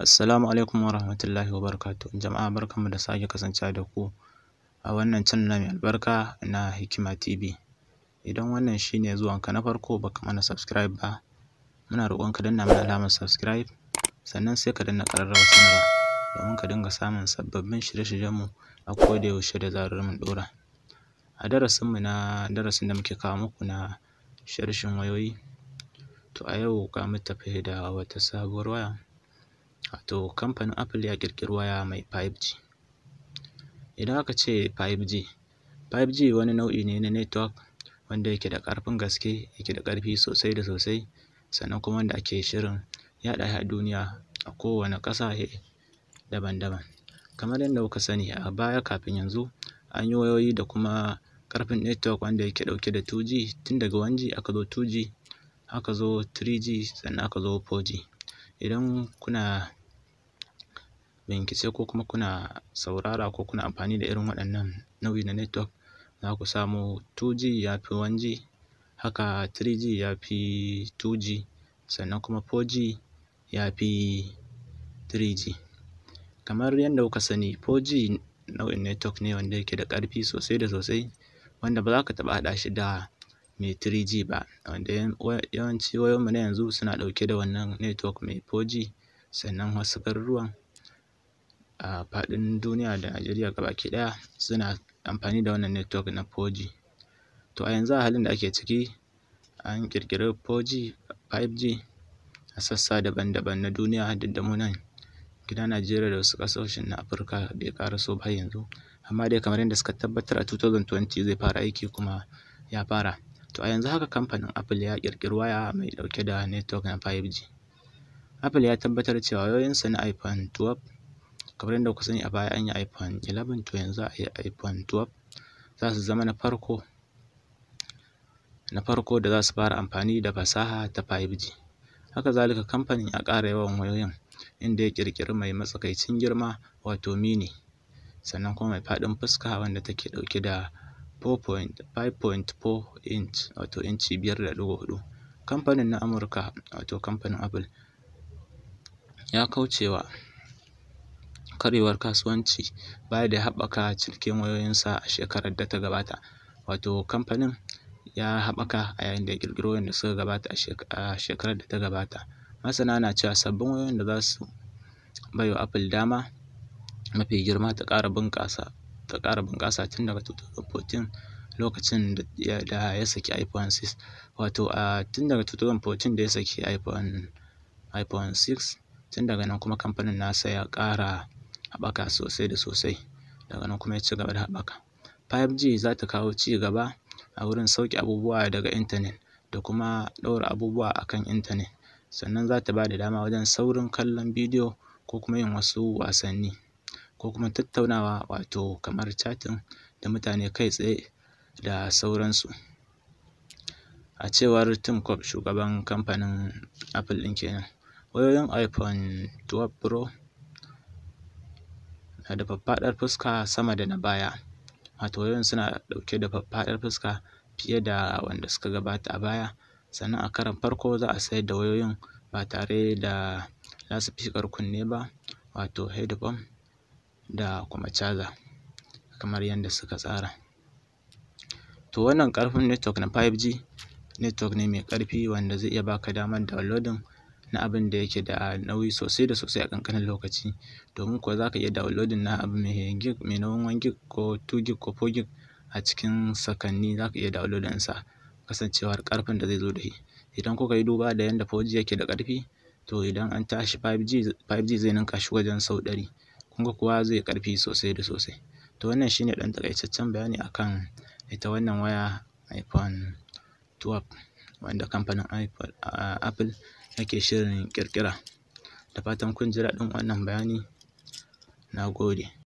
Assalamu alaikum warahmatullahi wabarakatuh. Jama'a barkanmu da sake kasancewa da ku a wannan channel mai albarka na Hikima TV. Idan wannan shine zuwan ka na farko baka mana subscribe ba, muna roƙon ka danna mana alamar subscribe sannan sai ka danna ƙararrawar sanarwa domin ka dinga samun sababbin shirye mu a koda yaushe da zarar mun ɗora. A darasin mu na darasin da muke kawo muku na sharshin wayoyi, to a yau ga mu tafe da wata sabuwar waya. wato kamfanin apple ya ƙirƙiri waya mai 5g idan aka ce 5g 5g wani nau'i ne na network wanda yake da ƙarfin gaske yake da ƙarfi sosai da sosai sannan kuma wanda ake shirin yaɗa shi a duniya a kowane ƙasashe daban-daban kamar yadda kuka sani a baya kafin yanzu an yi wayoyi da kuma ƙarfin network wanda yake ɗauke da 2G tun daga 1G aka zo 2G aka zo 3G sannan aka zo 4G idan kuna bincike ko kuma kuna saurara ko kuna amfani da irin waɗannan nau'i na network za ku samu 2G ya fi 1G haka 3G ya fi 2G sannan kuma 4G ya fi 3G kamar yadda kuka sani 4G nau'in network ne wanda yake da ƙarfi sosai da sosai wanda ba za ka taɓa haɗa shi da mai 3G ba wanda yawanci wayoyinmu na yanzu suna ɗauke da wannan network mai 4G sannan wasu garuruwan a faɗin duniya da Najeriya gabaki ɗaya suna amfani da wannan network na 4G. To a yanzu a halin da ake ciki an ƙirƙiri 4G, 5G a sassa daban-daban na duniya duk da munan gidan gida Najeriya da wasu ƙasashen na Afirka bai ƙaraso ba yanzu. Amma dai kamar yadda suka tabbatar a 2020 zai fara aiki kuma ya fara. To a yanzu haka kamfanin Apple ya ƙirƙiri waya mai ɗauke da network na 5G. Apple ya tabbatar cewa wayoyinsa na iPhone 12 kamar yadda kuka sani a baya an yi iphone 11 to yanzu a yi iphone 12 za su zama na farko na farko da za su fara amfani da fasaha ta 5G haka zalika kamfanin ya ƙara yawan wayoyin inda ya ƙirƙiri mai matsakaicin girma wato mini sannan kuma mai faɗin fuska wanda take ɗauke da 5.4 inch wato inci biyar da ɗigo hudu kamfanin na amurka wato kamfanin apple ya kaucewa karewar kasuwanci baya da haɓaka cinikin wayoyinsa a shekarar da ta gabata. Wato kamfanin ya haɓaka a yayin da ya ƙirƙiro wayanda suka gabata a shekarar da ta gabata. Masana na cewa sabbin wayoyin da za su bai wa Apple dama mafi girma ta ƙara bunƙasa ta ƙara bunƙasa tun daga 2014 lokacin da ya saki iPhone 6. Wato a tun daga 2014 da ya saki iPhone iPhone 6 tun daga nan kuma kamfanin nasa ya ƙara haɓaka sosai da sosai daga nan kuma ya ci gaba da haɓaka 5G za ta kawo ci gaba a wurin sauke abubuwa daga intanet da kuma ɗaura abubuwa a kan intanet sannan za ta ba da dama wajen saurin kallon bidiyo ko kuma yin wasu wasanni ko kuma tattaunawa wato kamar chatting da mutane kai tsaye da sauransu a cewar Tim Cook shugaban kamfanin Apple ɗin kenan wayoyin iPhone 12 Pro na da faffaɗar fuska sama da na baya wato yawan suna ɗauke da faffaɗar fuska fiye da wanda suka gabata a baya sannan a karon farko za a sayar da wayoyin ba tare da lasifikar kunne ba wato headphone da kuma caza kamar yadda suka tsara to wannan ƙarfin network na 5G network ne mai ƙarfi wanda zai iya baka damar downloading na abin da yake da nauyi sosai da sosai a kankanin lokaci. Domin kuwa za ka iya downloading na abu mai gig, mai nauyin 1 gig ko 2 gig ko 4 gig a cikin sakanni za ka iya downloading sa kasancewar ƙarfin da zai zo da shi. Idan kuka yi duba da yadda 4G yake da ƙarfi to idan an tashi 5G, 5G zai ninka shi wajen sau ɗari. Kun ga kuwa zai ƙarfi sosai da sosai. To wannan shine dan takaitaccen bayani akan ita wannan waya iPhone 12. wanda kamfanin Apple yake shirin ƙirƙira. Da fatan kun ji daɗin wannan bayani. Na gode.